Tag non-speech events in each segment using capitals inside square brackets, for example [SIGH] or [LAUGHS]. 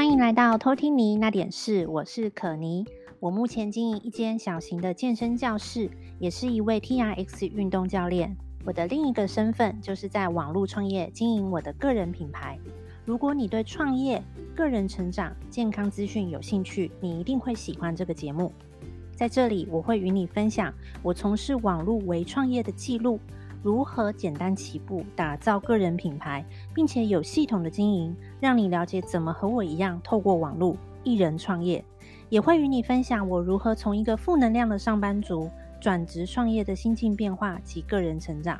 歡迎來到偷聽妮那點事，我是可妮。我目前經營一間小型的健身教室，也是一位 TRX 運動教練。我的另一個身份就是在網絡創業經營我的個人品牌。如果你對創業、個人成長、健康資訊有興趣，你一定會喜歡這個節目。在這裡，我會與你分享我從事網絡微創業的記錄。如何簡單起步打造個人品牌，並且有系統的經營，讓你了解怎麼和我一樣透過網絡一人創業。也會與你分享我如何從一個負能量的上班族轉職創業的心境變化及個人成長，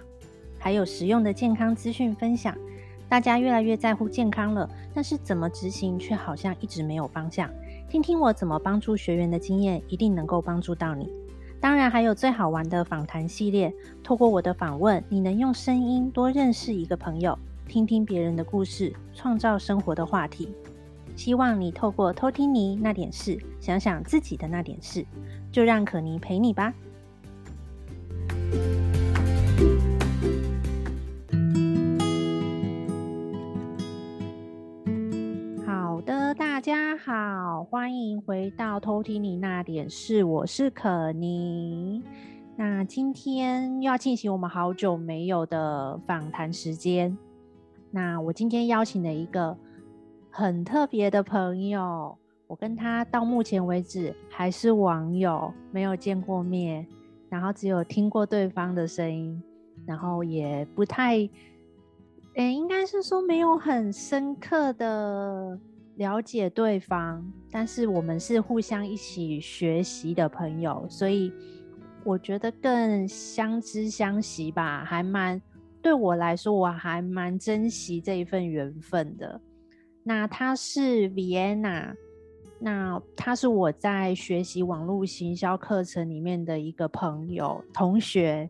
還有實用的健康資訊分享。大家越來越在乎健康了，但是怎麼執行卻好像一直沒有方向。聽聽我怎麼幫助學員的經驗，一定能夠幫助到你。當然，還有最好玩的訪談系列。透過我的訪問，你能用聲音多認識一個朋友，聽聽別人的故事，創造生活的話題。希望你透過偷聽妮那點事，想想自己的那點事，就讓可妮陪你吧。歡迎回到偷聽妮那點事，是我是可妮。那今天又要進行我們好久沒有的訪談時間。那我今天邀請了一個很特別的朋友，我跟她到目前為止還是網友，沒有見過面，然後只有聽過對方的聲音，然後也不太……誒應該是說沒有很深刻的。了解對方，但是我們是互相一起學習的朋友，所以我覺得更相知相惜吧，還蠻對我來說，我還蠻珍惜這一份緣分的。那他是 Viena，那他是我在學習網絡行銷課程裡面的一個朋友，同學。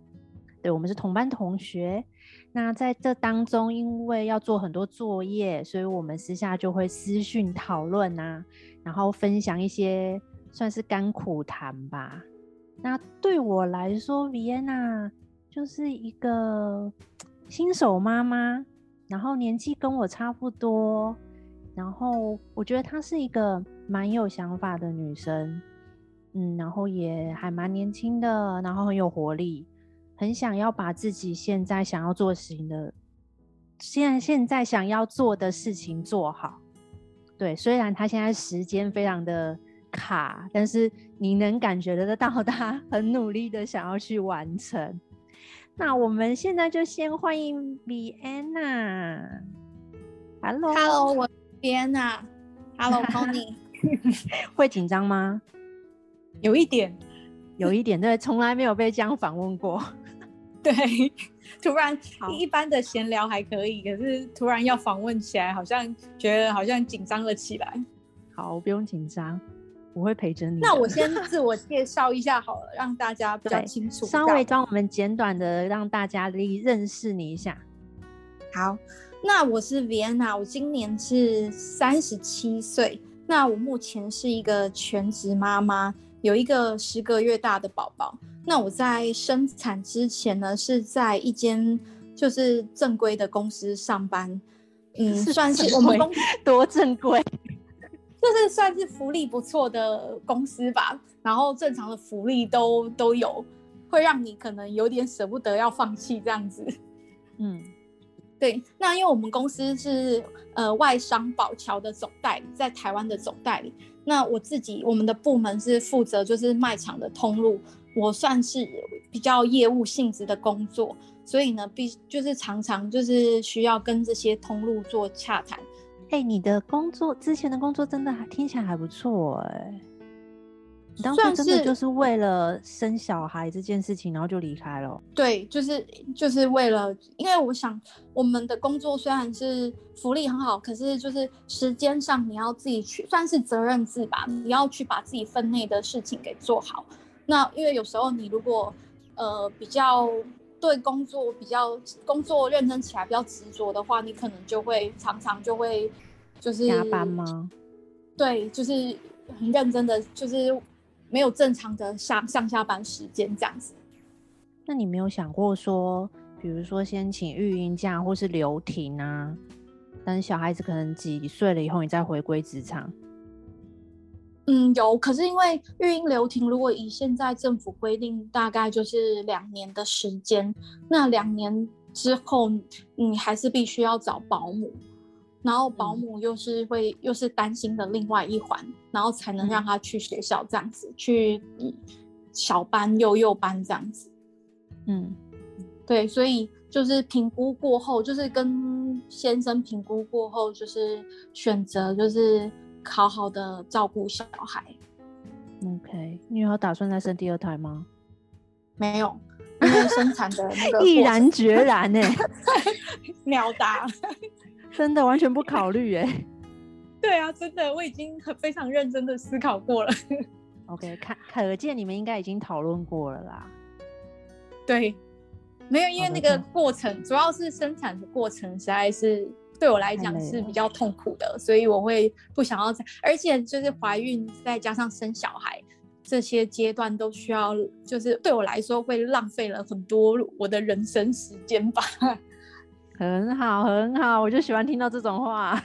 對我們是同班同學，那在這當中，因為要做很多作業，所以我們私下就會私訊討論啊，然後分享一些算是甘苦談吧。那對我來說，Viena 就是一個新手媽媽，然後年紀跟我差不多，然後我覺得她是一個蠻有想法的女生，嗯，然後也還蠻年輕的，然後很有活力。很想要把自己現在想要做事情的，現現在想要做的事情做好。對，雖然他現在時間非常的卡，但是你能感覺得到他很努力的想要去完成。那我們現在就先歡迎 Viena。Hello，Hello，我 Viena。Hello，Connie，會緊張嗎？有一點，有一點，對，從來沒有被這樣訪問過。對，突然，好一般的閒聊還可以，可是突然要訪問起來，好像覺得好像緊張了起來。好，不用緊張，我會陪着你。那我先自我介紹一下好了， [LAUGHS] 讓大家比較清楚。對樣稍微幫我們簡短的讓大家認識你一下。好，那我是 Viena，我今年是三十七歲。那我目前是一個全職媽媽，有一個十個月大的寶寶。那我在生產之前呢，是在一間就是正規的公司上班，嗯，算是我們公司多正規，就是算是福利不錯的公司吧。然後正常的福利都都有，會讓你可能有點捨不得要放棄這樣子。嗯，對。那因為我們公司是呃外商寶僑的總代理，在台灣的總代理。那我自己我們的部門是負責就是賣場的通路，我算是比較業務性質的工作，所以呢，必就是常常就是需要跟這些通路做洽談。哎、欸，你的工作之前的工作真的還聽起來還不錯哎、欸。你當初真的就是為了生小孩這件事情，然後就離開了。對，就是就是為了，因為我想我們的工作雖然是福利很好，可是就是時間上你要自己去算是責任制吧，你要去把自己分內的事情給做好。那因為有時候你如果，呃，比較對工作比較工作認真起來比較執着的話，你可能就會常常就會就是加班嗎？對，就是很認真的，就是沒有正常的上上下班時間這樣子。那你沒有想過說，比如說先請育嬰假或是留停啊，等小孩子可能幾歲了以後，你再回歸職場。嗯，有，可是因為育嬰留停，如果以現在政府規定，大概就是兩年的時間。那兩年之後，你還是必須要找保姆，然後保姆又是會、嗯、又是擔心的另外一環，然後才能讓他去學校這樣子，嗯、去小班、幼幼班這樣子。嗯，對，所以就是評估過後，就是跟先生評估過後，就是選擇就是。好好的照顧小孩，OK。你有打算再生第二胎嗎？沒有，因為生產的那個 [LAUGHS] 毅然決然呢，秒 [LAUGHS] 答，真的完全不考慮哎！ [LAUGHS] 對啊，真的我已經很非常認真的思考過了。 [LAUGHS] OK，看，可見你們應該已經討論過了啦。對，沒有，因為那個過程主要是生產的過程，實在是。對我來講是比較痛苦的，所以我會不想要這樣。而且就是懷孕，再加上生小孩這些階段，都需要，就是對我來說，會浪費了很多我的人生時間吧。很好，很好，我就喜歡聽到這種話。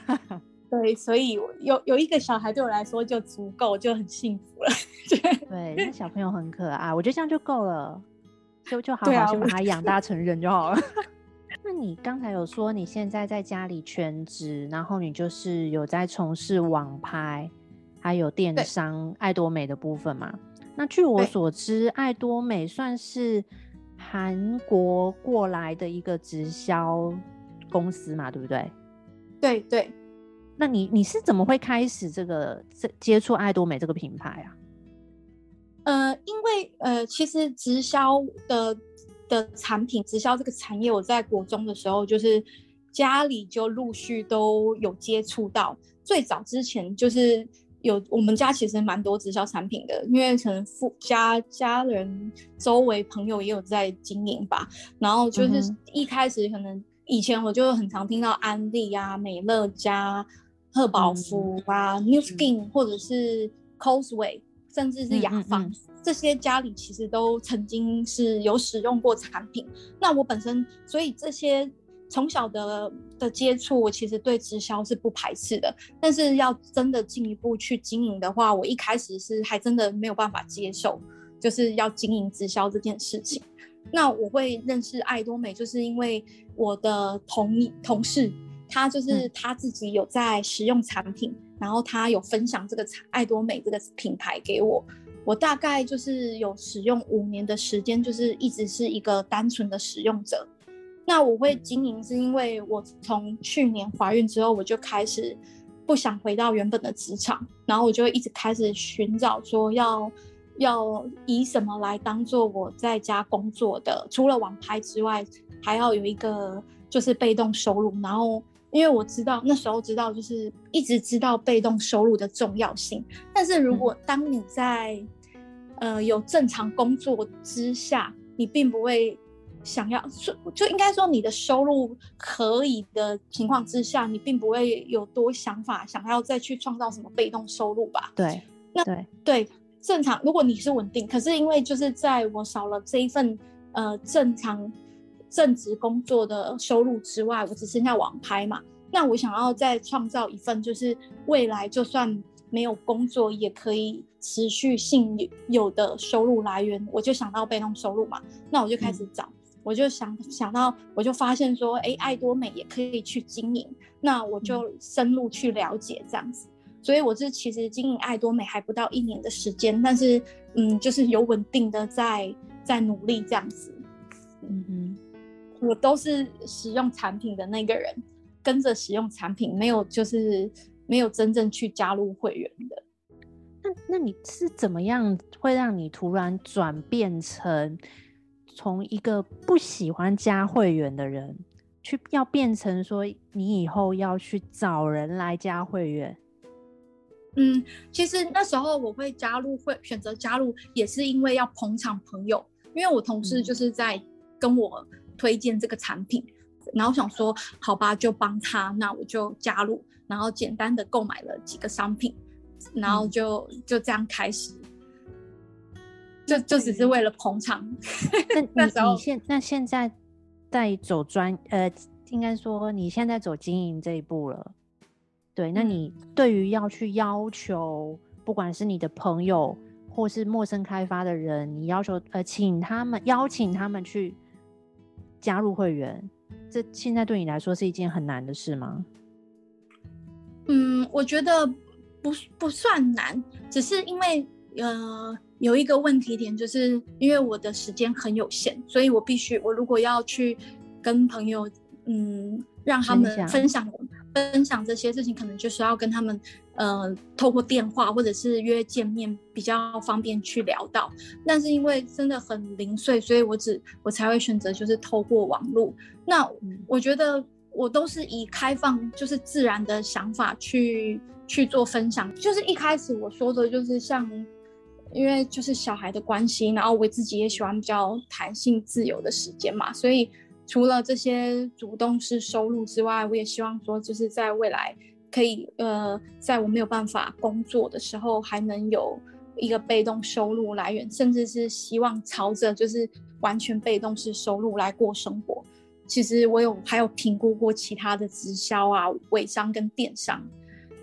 對，所以有有一個小孩對我來說就足夠，就很幸福了。對，那小朋友很可愛，我覺得這樣就夠了，就就好好把他養大成人就好了。 [LAUGHS] 那你剛才有說，你現在在家裡全職，然後你就是有在從事網拍，還有電商對愛多美的部分嘛？那據我所知，對愛多美算是韓國過來的一個直銷公司嘛，對不對？對對。對那你你是怎麼會開始這個接觸愛多美這個品牌啊？呃，因為呃，其實直銷的。的產品直銷這個產業，我在國中的時候，就是家裡就陸續都有接觸到。最早之前就是有我們家其實蠻多直銷產品的，因為可能父家家人周圍朋友也有在經營吧。然後就是一開始可能以前我就很常聽到安利呀、啊、美樂家、賀寶芙啊、嗯、Nu Skin us 或者是 Cosway，甚至是雅芳。嗯嗯嗯這些家裡其實都曾經是有使用過產品，那我本身所以這些從小的的接觸，我其實對直銷是不排斥的。但是要真的進一步去經營的話，我一開始是還真的沒有辦法接受，就是要經營直銷這件事情。那我會認識愛多美，就是因為我的同同事，他就是他自己有在使用產品，嗯、然後他有分享這個愛多美這個品牌給我。我大概就是有使用五年的時間，就是一直是一個單純的使用者。那我會經營，是因為我從去年懷孕之後，我就開始不想回到原本的職場，然後我就會一直開始尋找說要要以什麼來當做我在家工作的。除了網拍之外，還要有一個就是被動收入。然後因為我知道那時候知道就是一直知道被動收入的重要性，但是如果當你在呃，有正常工作之下，你並不會想要，就就應該說你的收入可以的情況之下，你並不會有多想法想要再去創造什麼被動收入吧？對，那對對，正常如果你是穩定，可是因為就是在我少了這一份呃正常正職工作的收入之外，我只剩下網拍嘛，那我想要再創造一份，就是未來就算沒有工作也可以。持續性有的收入來源，我就想到被動收入嘛，那我就開始找，嗯、我就想想到，我就發現說，誒，愛多美也可以去經營，那我就深入去了解，這樣子，嗯、所以我是其實經營愛多美還不到一年的時間，但是嗯，就是有穩定的在在努力這樣子，嗯嗯，哼，我都是使用產品的那個人，跟着使用產品，沒有就是沒有真正去加入會員的。那那你是怎麼樣，會讓你突然轉變成從一個不喜歡加會員的人，去要變成說你以後要去找人來加會員？嗯，其實那時候我會加入，會選擇加入也是因為要捧場朋友，因為我同事就是在跟我推薦這個產品，嗯，然後想說好吧，就幫他，那我就加入，然後簡單的購買了幾個商品。然後就、嗯、就這樣開始，就就只是為了捧場。對 [LAUGHS] 那你，那你現那現在在走專呃，應該說你現在，在走經營這一步了。對，那你對於要去要求，嗯、不管是你的朋友或是陌生開發的人，你要求呃，請他們邀請他們去加入會員，這現在對你來說是一件很難的事嗎？嗯，我覺得。不，不算難，只是因為呃有一個問題點，就是因為我的時間很有限，所以我必須我如果要去跟朋友嗯，讓他們分享分享，分享這些事情，可能就是要跟他們呃透過電話或者是約見面比較方便去聊到。但是因為真的很零碎，所以我只我才會選擇就是透過網絡。那我覺得我都是以開放就是自然的想法去。去做分享，就是一開始我說的，就是像，因為就是小孩的關係，然後我自己也喜歡比較彈性自由的時間嘛，所以除了這些主動式收入之外，我也希望說，就是在未來可以，呃，在我沒有辦法工作的時候，還能有一個被動收入來源，甚至是希望朝着就是完全被動式收入來過生活。其實我有還有評估過其他的直銷啊、微商跟電商。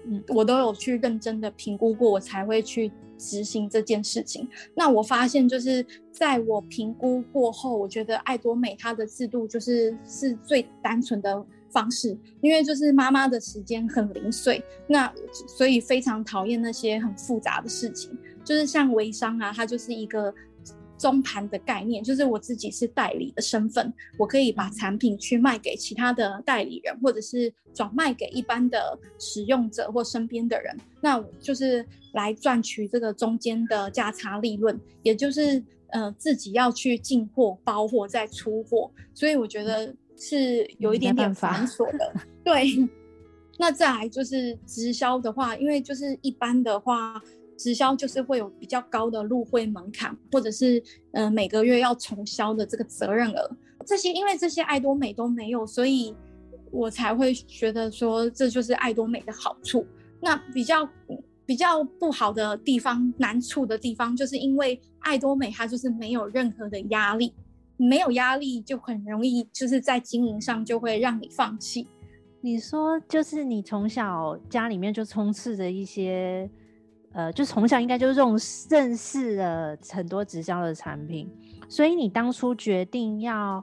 嗯，我都有去認真的評估過，我才會去執行這件事情。那我發現，就是在我評估過後，我覺得愛多美它的制度就是是最單純的方式，因為就是媽媽的時間很零碎，那所以非常討厭那些很複雜的事情，就是像微商啊，它就是一個。中盤的概念，就是我自己是代理的身份，我可以把產品去賣給其他的代理人，或者是轉賣給一般的使用者或身邊的人，那就是來賺取這個中間的價差利潤。也就是，呃，自己要去進貨、包貨再出貨，所以我覺得是有一點點繁瑣的。嗯、的對，那再來就是直銷的話，因為就是一般的話。直銷就是會有比較高的入會門檻，或者是、呃、每個月要重銷的這個責任額，這些因為這些愛多美都沒有，所以我才會覺得說這就是愛多美的好處。那比較比較不好的地方、難處的地方，就是因為愛多美它就是沒有任何的壓力，沒有壓力就很容易就是在經營上就會讓你放棄。你說就是你從小家裡面就充斥着一些。呃，就從小應該就是這種認識了很多直銷的產品，所以你當初決定要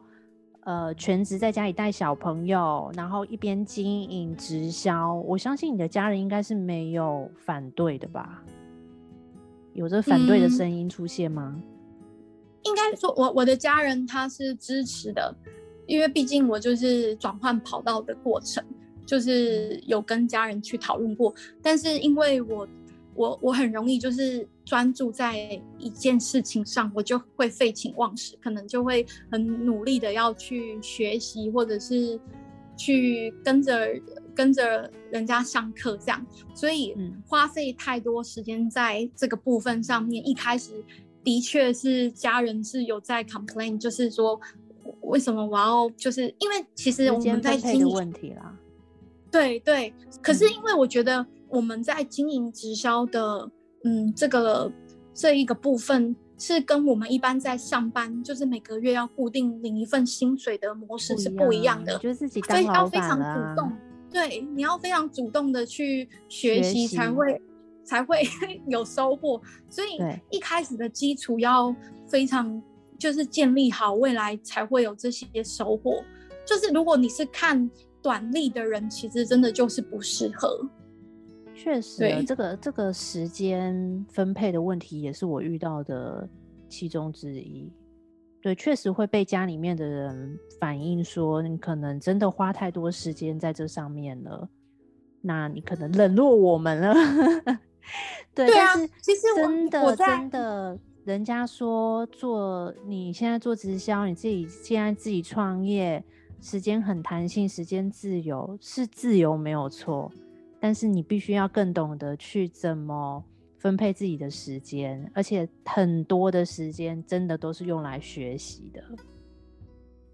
呃全職在家裡帶小朋友，然後一邊經營直銷，我相信你的家人應該是沒有反對的吧？有這反對的聲音出現嗎？嗯，應該說我，我我的家人他是支持的，因為畢竟我就是轉換跑道的過程，就是有跟家人去討論過，但是因為我。我我很容易就是專注在一件事情上，我就會廢寢忘食，可能就會很努力的要去學習，或者是去跟着跟着人家上課這樣，所以花費太多時間在這個部分上面。嗯、一開始的確是家人是有在 complain，就是說為什麼我要就是因為其實我們在精力的問題啦，對對，對嗯、可是因為我覺得。我們在經營直銷的，嗯，這個這一個部分是跟我們一般在上班，就是每個月要固定領一份薪水的模式，啊，是不一樣的。所以要非常主動，對，你要非常主動的去學習，學習才會才會有收穫。所以一開始的基礎要非常對就是建立好，未來才會有這些收穫。就是如果你是看短利的人，其實真的就是不適合。確實對、這個，這個這個時間分配的問題也是我遇到的其中之一。對，確實會被家裡面的人反映說，你可能真的花太多時間在這上面了，那你可能冷落我們了。 [LAUGHS] 對，對啊，但是其實真的真的，人家說做，你現在做直銷，你自己現在自己創業，時間很彈性，時間自由，是自由沒有錯。但是你必須要更懂得去怎麼分配自己的時間，而且很多的時間真的都是用來學習的。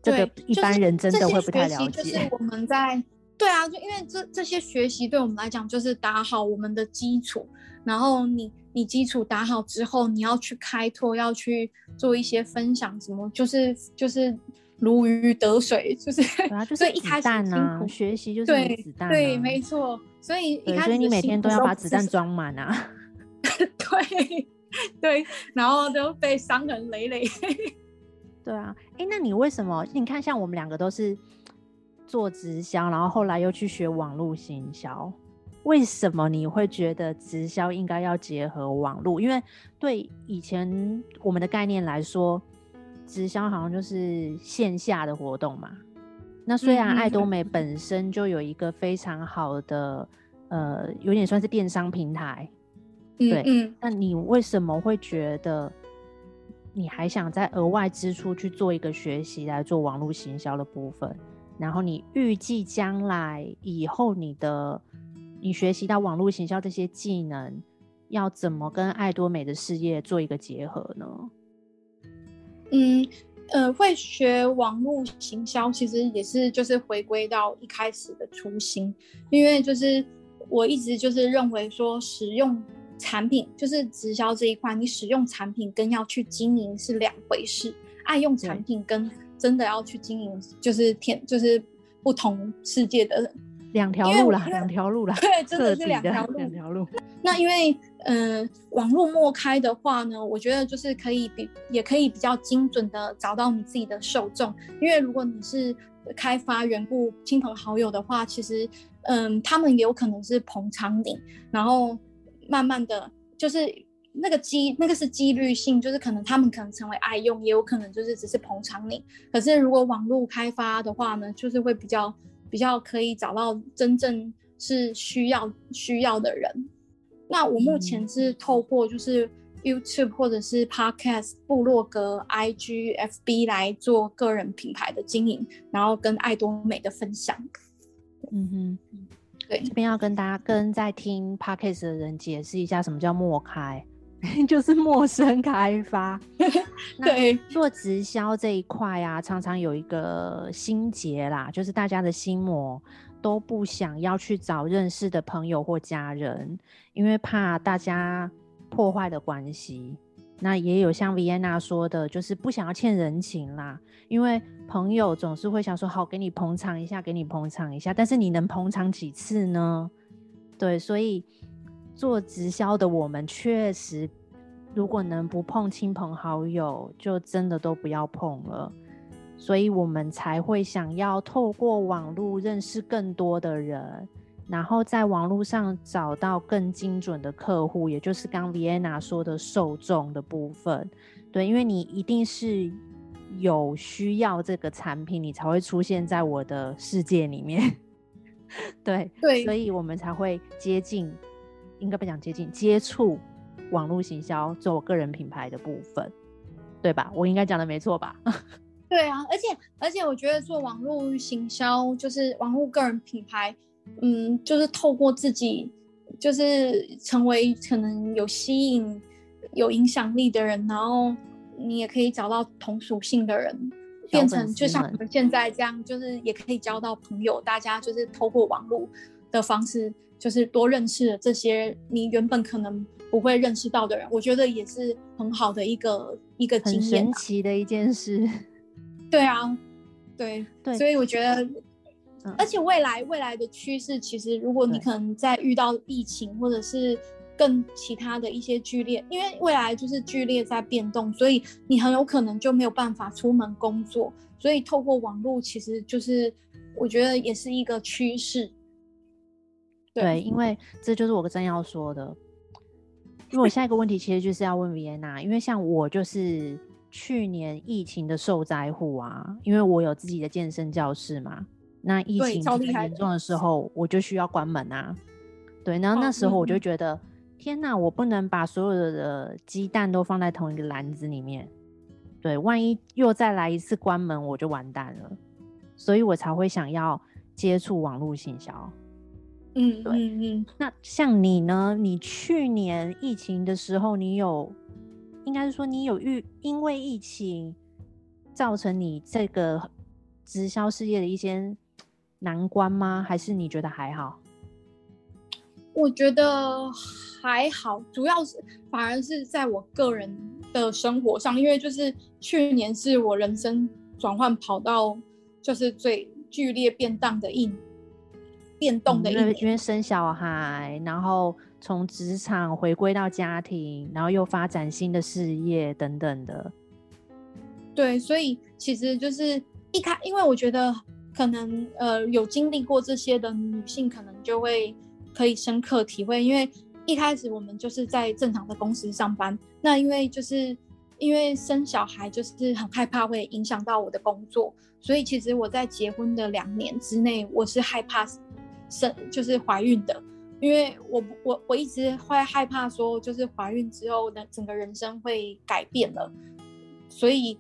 對這個一般人真的會不太了解。就是、就是我們在對啊，就因為這這些學習對我們來講就是打好我們的基礎，然後你你基礎打好之後，你要去開拓，要去做一些分享，什麼就是就是。就是如魚得水，就是對啊，就是子彈、啊，學習就是、啊、對對，沒錯。所以一開始就對，所以你每天都要把子彈裝滿啊。對對，然後都被傷痕累累。 [LAUGHS] 對啊，哎、欸，那你為什麼？你看，像我們兩個都是做直銷，然後後來又去學網絡行銷，為什麼你會覺得直銷應該要結合網絡？因為對以前我們的概念來說。直銷好像就是線下的活動嘛，那雖然愛多美本身就有一個非常好的，呃，有點算是電商平台，嗯嗯對，那你為什麼會覺得你還想再額外支出去做一個學習來做網絡行銷的部分？然後你預計將來以後你的你學習到網絡行銷這些技能，要怎麼跟愛多美的事業做一個結合呢？嗯，呃，會學網絡行銷，其實也是就是回歸到一開始的初心，因為就是我一直就是認為說，使用產品就是直銷這一塊，你使用產品跟要去經營是兩回事，愛用產品跟真的要去經營，就是天對就是不同世界的兩條路啦，為兩條路啦。對，的真的是兩條路，兩條路。那因為。嗯、呃，網絡陌開的話呢，我覺得就是可以比，也可以比較精準的找到你自己的受眾。因為如果你是開發緣故親朋好友的話，其實，嗯、呃，他們也有可能是捧場你，然後慢慢的，就是那個機，那個是機率性，就是可能他們可能成為愛用，也有可能就是只是捧場你。可是如果網絡開發的話呢，就是會比較比較可以找到真正是需要需要的人。那我目前是透過就是 YouTube 或者是 Podcast、嗯、部落格、IG、FB 來做個人品牌的經營，然後跟愛多美的分享。嗯哼，對，這邊要跟大家跟在聽 Podcast 的人解釋一下，什麼叫“陌開”， [LAUGHS] 就是陌生開發。對， [LAUGHS] 做直銷這一塊啊，常常有一個心結啦，就是大家的心魔。都不想要去找認識的朋友或家人，因為怕大家破壞的關係。那也有像 Viena 說的，就是不想要欠人情啦，因為朋友總是會想說好給你捧場一下，給你捧場一下，但是你能捧場幾次呢？對，所以做直銷的我們確實，如果能不碰親朋好友，就真的都不要碰了。所以我們才會想要透過網絡認識更多的人，然後在網絡上找到更精準的客戶，也就是剛 Viena 說的受眾的部分。對，因為你一定是有需要這個產品，你才會出現在我的世界裡面。對 [LAUGHS] 對，對，所以我們才會接近，應該不講接近，接觸網絡行銷做我個人品牌的部分，對吧？我應該講的沒錯吧？ [LAUGHS] 對啊，而且而且，我覺得做網絡行銷就是網絡個人品牌，嗯，就是透過自己，就是成為可能有吸引、有影響力的人，然後你也可以找到同屬性的人，變成就像我們現在這樣，就是也可以交到朋友。大家就是透過網絡的方式，就是多認識了這些你原本可能不會認識到的人，我覺得也是很好的一個一個經驗啊，神奇的一件事。對啊，對對，所以我覺得，嗯、而且未來未來的趨勢，其實如果你可能在遇到疫情，或者是更其他的一些劇烈，因為未來就是劇烈在變動，所以你很有可能就沒有辦法出門工作，所以透過網絡，其實就是我覺得也是一個趨勢。對，對，因為這就是我真要說的，因為我下一個問題其實就是要問 Viena，因為像我就是。去年疫情的受災戶啊，因為我有自己的健身教室嘛，那疫情特嚴重的時候，我就需要關門啊。對，然後那時候我就覺得，oh, 嗯、天哪，我不能把所有的雞蛋都放在同一個籃子裡面。對，萬一又再來一次關門，我就完蛋了。所以我才會想要接觸網絡行銷嗯。嗯，對，嗯，那像你呢？你去年疫情的時候，你有？應該說你有遇，因為疫情造成你這個直銷事業的一些難關嗎？還是你覺得還好？我覺得還好，主要是反而是在我個人的生活上，因為就是去年是我人生轉換跑道就是最劇烈變動的變動的一變動的一年、嗯，因為生小孩，然後。從職場回歸到家庭，然後又發展新的事業等等的。對，所以其實就是一開，因為我覺得可能呃有經歷過這些的女性，可能就會可以深刻體會。因為一開始我們就是在正常的公司上班，那因為就是因為生小孩就是很害怕會影響到我的工作，所以其實我在結婚的兩年之內，我是害怕生就是懷孕的。因為我我我一直會害怕說，就是懷孕之後的整個人生會改變了，所以，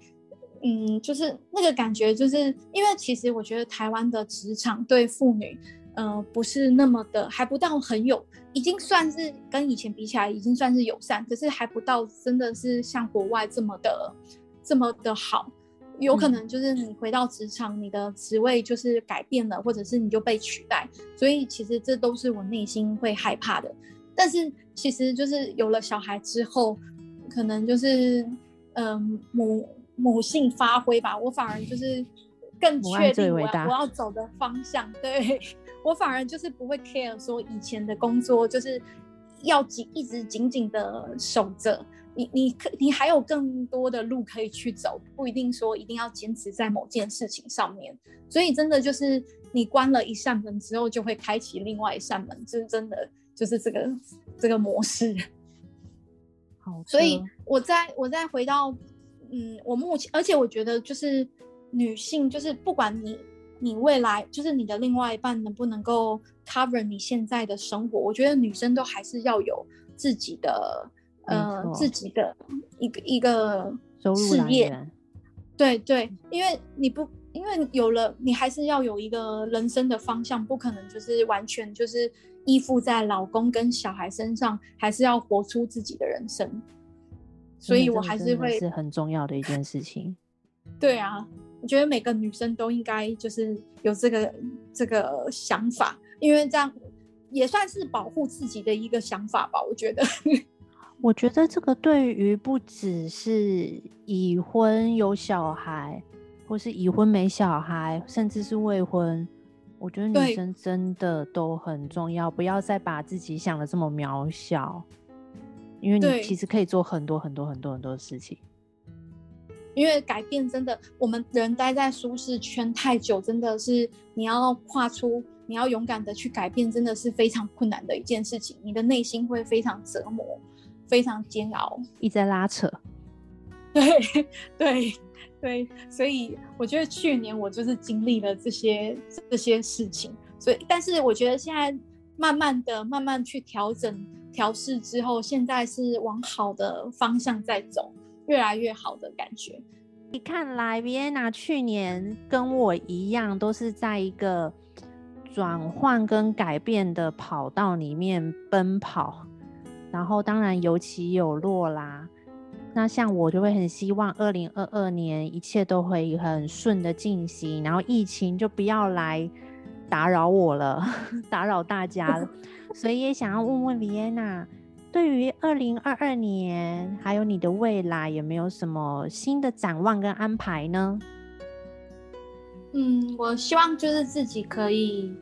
嗯，就是那個感覺，就是因為其實我覺得台灣的職場對婦女，嗯，不是那麼的，還不到很有，已經算是跟以前比起來，已經算是友善，可是還不到真的是像國外這麼的，這麼的好。有可能就是你回到職場，嗯、你的職位就是改變了，或者是你就被取代，所以其實這都是我內心會害怕的。但是其實就是有了小孩之後，可能就是嗯母母性發揮吧，我反而就是更確定我要我，我要走的方向。對，我反而就是不會 care 說以前的工作就是要緊一直緊緊的守着。你你可你還有更多的路可以去走，不一定說一定要堅持在某件事情上面。所以真的就是你關了一扇門之後，就會開啟另外一扇門，就是真的就是這個這個模式。好吃，所以我再我再回到，嗯，我目前，而且我覺得就是女性，就是不管你你未來就是你的另外一半能不能夠 cover 你現在的生活，我覺得女生都還是要有自己的。呃，自己的一個一個事業，對對，因為你不因為有了你，還是要有一個人生的方向，不可能就是完全就是依附在老公跟小孩身上，還是要活出自己的人生。所以，我還是會這是很重要的一件事情。對啊，我覺得每個女生都應該就是有這個這個想法，因為這樣也算是保護自己的一個想法吧，我覺得。我覺得這個對於不只是已婚有小孩，或是已婚沒小孩，甚至是未婚，我覺得女生真的都很重要。對不要再把自己想得這麼渺小，因為你其實可以做很多很多很多很多事情。因為改變真的，我們人待在舒適圈太久，真的是你要跨出，你要勇敢地去改變，真的是非常困難的一件事情。你的內心會非常折磨，非常煎熬，一直在拉扯。對，對，對，所以我覺得去年我就是經歷了這些這些事情，所以但是我覺得現在慢慢的、慢慢去調整、調試之後，現在是往好的方向在走，越來越好的感覺。你看來 Viena 去年跟我一樣，都是在一個轉換跟改變的跑道裡面奔跑。然後當然有起有落啦。那像我就會很希望二零二二年一切都會很順的進行，然後疫情就不要來打擾我了，打擾大家了。 [LAUGHS] 所以也想要問問 Viena 對於二零二二年還有你的未來，有沒有什麼新的展望跟安排呢？嗯，我希望就是自己可以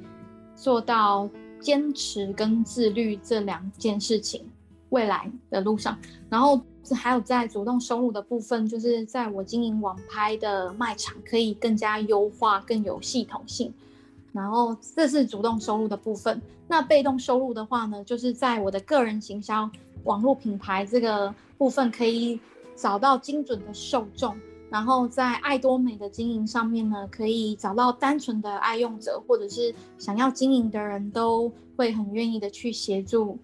做到堅持跟自律這兩件事情。未來的路上，然後還有在主動收入的部分，就是在我經營網拍的賣場，可以更加優化，更有系統性。然後這是主動收入的部分。那被動收入的話呢，就是在我的個人行銷網絡品牌這個部分，可以找到精準的受眾。然後在愛多美的經營上面呢，可以找到單純的愛用者，或者是想要經營的人都會很願意的去協助。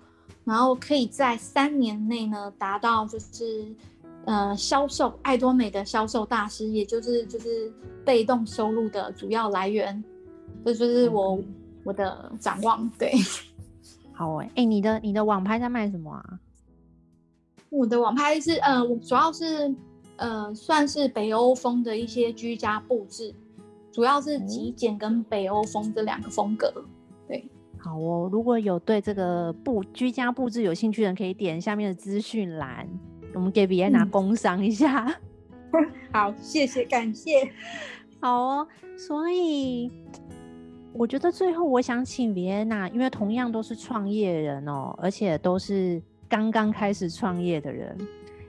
然後可以在三年內呢達到，就是，呃，銷售愛多美的銷售大師，也就是就是被動收入的主要來源，這就是我、嗯、我的展望。對，好誒，哎，你的你的網拍在賣什麼啊？我的網拍是，呃，我主要是，呃，算是北歐風的一些居家布置，主要是極簡跟北歐風這兩個風格。嗯好哦，如果有對這個布居家布置有興趣的人，可以點下面的資訊欄。我們給 Viena 工商一下。嗯、 [LAUGHS] 好，謝謝，感謝。好哦，所以我覺得最後我想請 Viena，因為同樣都是創業人哦，而且都是剛剛開始創業的人，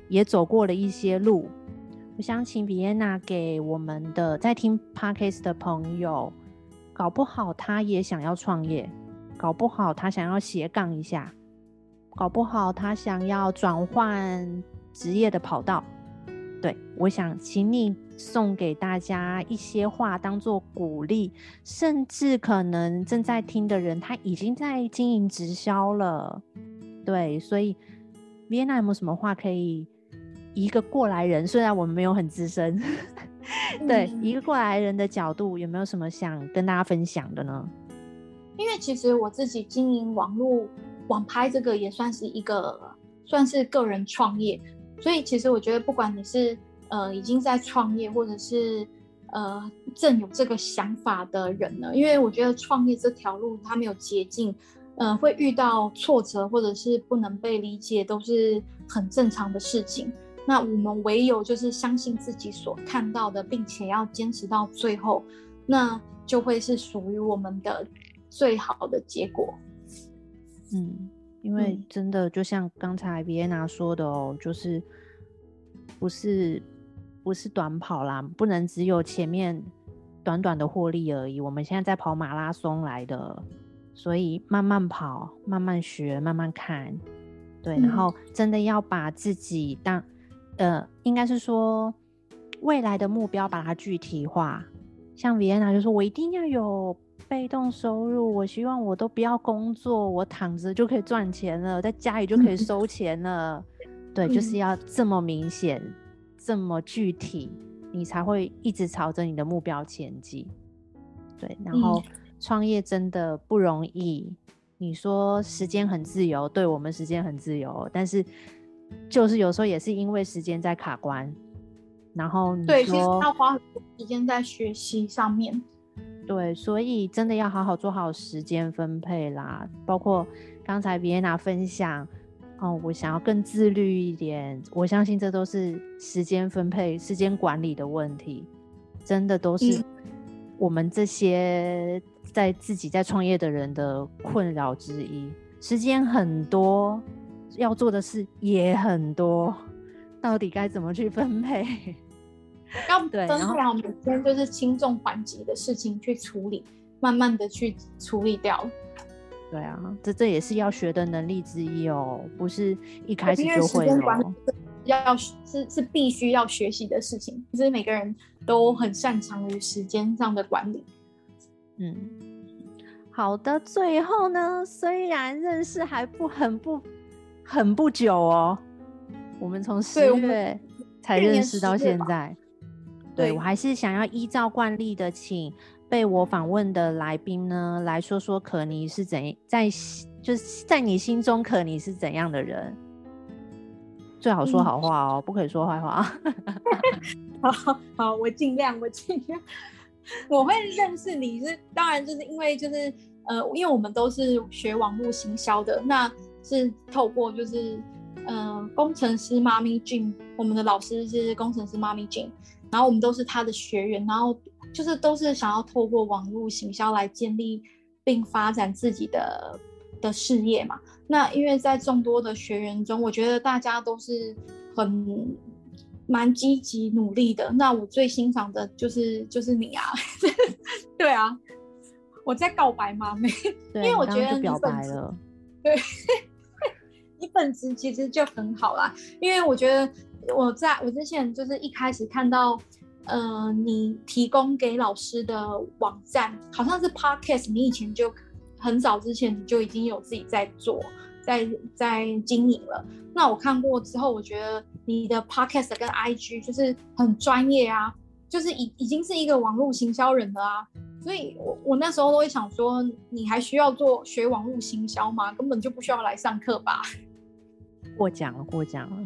也走過了一些路。我想請 Viena 給我們的在聽 Podcast 的朋友，搞不好他也想要創業。搞不好他想要斜槓一下，搞不好他想要轉換職業的跑道。對，我想請你送給大家一些話，當做鼓勵。甚至可能正在聽的人，他已經在經營直銷了。對，所以 Viena 有沒有什麼話可以？一個過來人，雖然我們沒有很資深，嗯、 [LAUGHS] 對，一個過來人的角度，有沒有什麼想跟大家分享的呢？因為其實我自己經營網絡網拍，這個也算是一個算是個人創業，所以其實我覺得，不管你是呃已經在創業，或者是呃正有這個想法的人呢，因為我覺得創業這條路它沒有捷徑，嗯、呃，會遇到挫折或者是不能被理解，都是很正常的事情。那我們唯有就是相信自己所看到的，並且要堅持到最後，那就會是屬於我們的，最好的結果，嗯，因為真的就像剛才 Viena 說的哦，嗯、就是不是不是短跑啦，不能只有前面短短的獲利而已。我們現在在跑馬拉松來的，所以慢慢跑，慢慢學，慢慢看，對。然後真的要把自己當、嗯、呃，應該是說未來的目標把它具體化。像 Viena 就說，我一定要有。被動收入，我希望我都不要工作，我躺着就可以賺錢了，在家裡就可以收錢了。嗯、對，就是要這麼明顯，嗯、這麼具體，你才會一直朝着你的目標前進。對，然後創業真的不容易。嗯、你說時間很自由，對，我們時間很自由，但是就是有時候也是因為時間在卡關。然後你說，對，其實要花很多時間在學習上面。對，所以真的要好好做好時間分配啦。包括剛才 Viena 分享，哦，我想要更自律一點，我相信，這都是時間分配、時間管理的問題。真的都是我們這些在自己在創業的人的困擾之一。時間很多，要做的事也很多，到底該怎麼去分配？要分配好每天就是輕重緩急的事情去處理，慢慢的去處理掉。對啊，這這也是要學的能力之一哦，不是一開始就會了。因為時間管理要要是是必須要學習的事情，其、就是每個人都很擅長於時間上的管理。嗯，好的，最後呢，雖然認識還不很不很不久哦，我們從十月才認識到現在。對,對我還是想要依照慣例的，請被我訪問的來賓呢來說說可妮是怎在就是在你心中可妮是怎樣的人？最好說好話哦，嗯、不可以說壞話。 [LAUGHS] [LAUGHS] 好好,好，我儘量，我儘量， [LAUGHS] 我會認識你是當然就是因為就是呃，因為我們都是學網絡行銷的，那是透過就是嗯、呃，工程師媽咪 Jane 我們的老師是工程師媽咪 Jane 然後我們都是他的學員，然後就是都是想要透過網路行銷來建立並發展自己的的事業嘛。那因為在眾多的學員中，我覺得大家都是很蠻積極努力的。那我最欣賞的就是就是你啊， [LAUGHS] 對啊，我在告白嗎？對因為我覺得你本質，你剛剛就表白了。對， [LAUGHS] 你本質其實就很好啦。因為我覺得。我在我之前就是一開始看到，呃，你提供給老師的網站好像是 podcast，你以前就很早之前你就已經有自己在做，在在經營了。那我看過之後，我覺得你的 podcast 跟 IG 就是很專業啊，就是已已經是一個網絡行銷人了啊。所以我，我我那時候都會想說，你還需要做學網絡行銷嗎？根本就不需要來上課吧。過獎了，過獎了。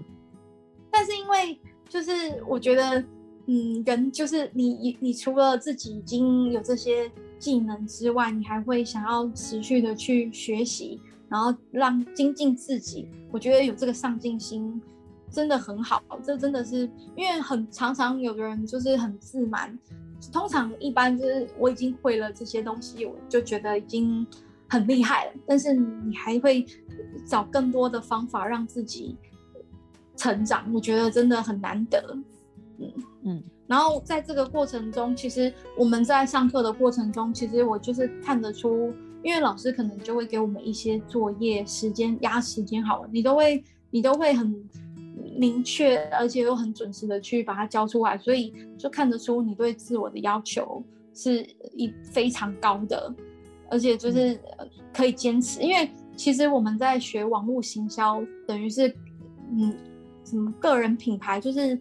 但是因為就是我覺得，嗯，人就是你，你除了自己已經有這些技能之外，你還會想要持續的去學習，然後讓精進自己。我覺得有這個上進心真的很好，這真的是因為很常常有的人就是很自滿，通常一般就是我已經會了這些東西，我就覺得已經很厲害了。但是你還會找更多的方法讓自己。成長，我覺得真的很難得，嗯嗯。然後在這個過程中，其實我們在上課的過程中，其實我就是看得出，因為老師可能就會給我們一些作業，時間壓時間，好了，你都會你都會很明確，而且又很準時的去把它交出來，所以就看得出你對自我的要求是一非常高的，而且就是可以堅持。嗯。因為其實我們在學網絡行銷，等於是嗯。什麼個人品牌，就是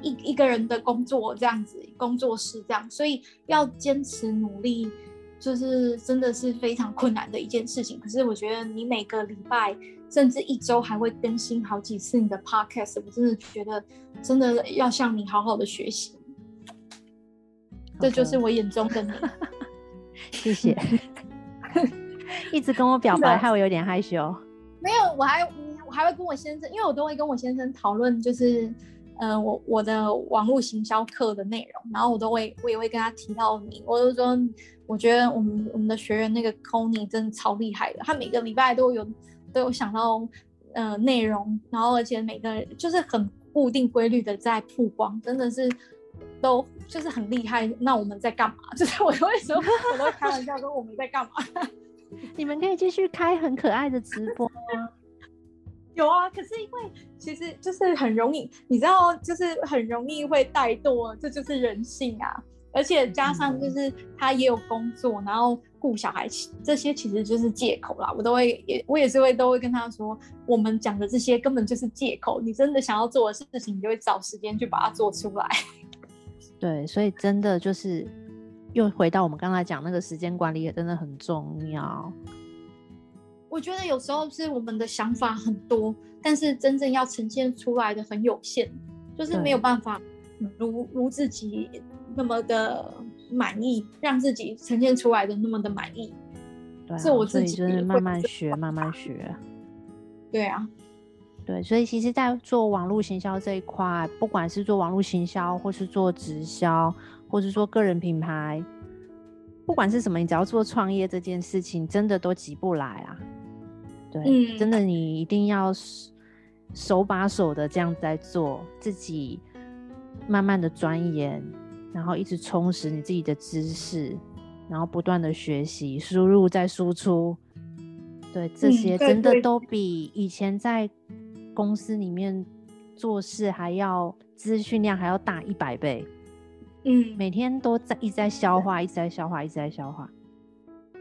一一個人的工作這樣子，工作室這樣，所以要堅持努力，就是真的是非常困難的一件事情。可是我覺得你每個禮拜甚至一周還會更新好幾次你的 podcast，我真的覺得真的要向你好好的學習。Okay. 這就是我眼中的你。謝謝，一直跟我表白，害我有點害羞。 [LAUGHS] 沒有，我還。還會跟我先生，因為我都會跟我先生討論，就是，嗯、呃，我我的網絡行銷課的內容，然後我都會，我也會跟他提到你，我就說，我覺得我們我們的學員那個 Connie 真的超厲害的，他每個禮拜都有都有想到，嗯、呃、內容，然後而且每個就是很固定規律的在曝光，真的是都就是很厲害。那我們在幹嘛？就是我都會說 [LAUGHS] 我都開玩笑說我們在幹嘛？你們可以繼續開很可愛的直播。 [LAUGHS] 有啊，可是因為其實就是很容易，你知道，就是很容易會怠惰，這就是人性啊。而且加上就是他也有工作，嗯、然後顧小孩，這些其實就是借口啦。我都會也，也我也是會都會跟他說，我們講的這些根本就是借口。你真的想要做的事情，你就會找時間去把它做出來。對，所以真的就是又回到我們剛才講那個時間管理也真的很重要。我覺得有時候是我們的想法很多，但是真正要呈現出來的很有限，就是沒有辦法如對如自己那麼的滿意，讓自己呈現出來的那麼的滿意。對啊，是我自己就是慢慢學，慢慢學。對啊，對，所以其實，在做網絡行銷這一塊，不管是做網絡行銷，或是做直銷，或是做個人品牌，不管是什麼，你只要做創業這件事情，真的都急不來啊。對，嗯、真的，你一定要手把手的這樣子在做，自己慢慢的鑽研，然後一直充實你自己的知識，然後不斷的學習，輸入再輸出。對，這些真的都比以前在公司裡面做事還要資訊量還要大一百倍。嗯，每天都在一直在消化，對一直在消化，一直在消化。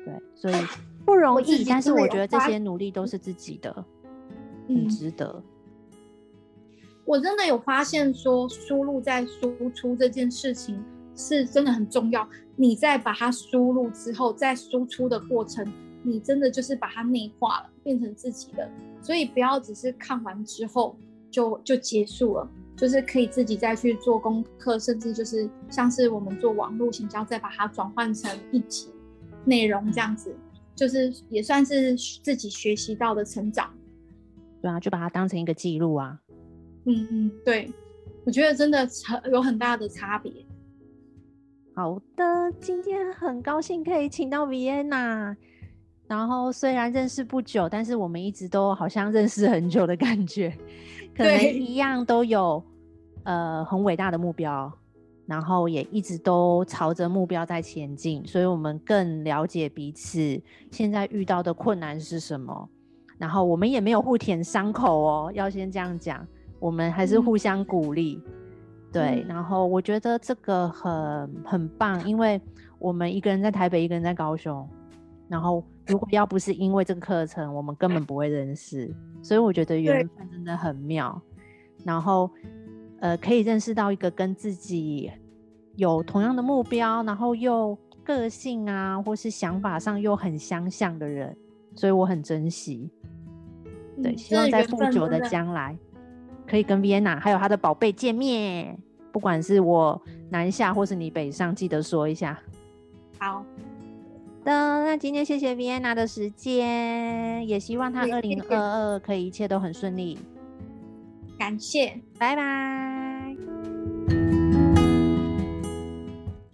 對，所以。啊不容易，但是我覺得這些努力都是自己的，嗯，值得。我真的有發現說，輸入再輸出這件事情是真的很重要。你在把它輸入之後，再輸出的過程，你真的就是把它內化了，變成自己的。所以不要只是看完之後就就結束了，就是可以自己再去做功課，甚至就是像是我們做網路行銷，就要再把它轉換成一集內容這樣子。就是也算是自己學習到的成長，對啊，就把它當成一個記錄啊。嗯嗯，對，我覺得真的有很大的差別。好的，今天很高興可以請到 Viena，然後雖然認識不久，但是我們一直都好像認識很久的感覺，可能一樣都有對呃很偉大的目標。然後也一直都朝着目標在前進，所以我們更了解彼此現在遇到的困難是什麼。然後我們也沒有互舔傷口哦，要先這樣講，我們還是互相鼓勵。嗯、對，嗯、然後我覺得這個很很棒，因為我們一個人在台北，一個人在高雄。然後如果要不是因為這個課程，我們根本不會認識。所以我覺得緣分真的很妙。對然後。呃，可以認識到一個跟自己有同樣的目標，然後又個性啊，或是想法上又很相像的人，所以我很珍惜。對，希望在不久的將來可以跟 Viena 還有她的寶貝見面。不管是我南下或是你北上，記得說一下。好的，那今天謝謝 Viena 的時間，也希望她二零二二可以一切都很順利。感謝，拜拜。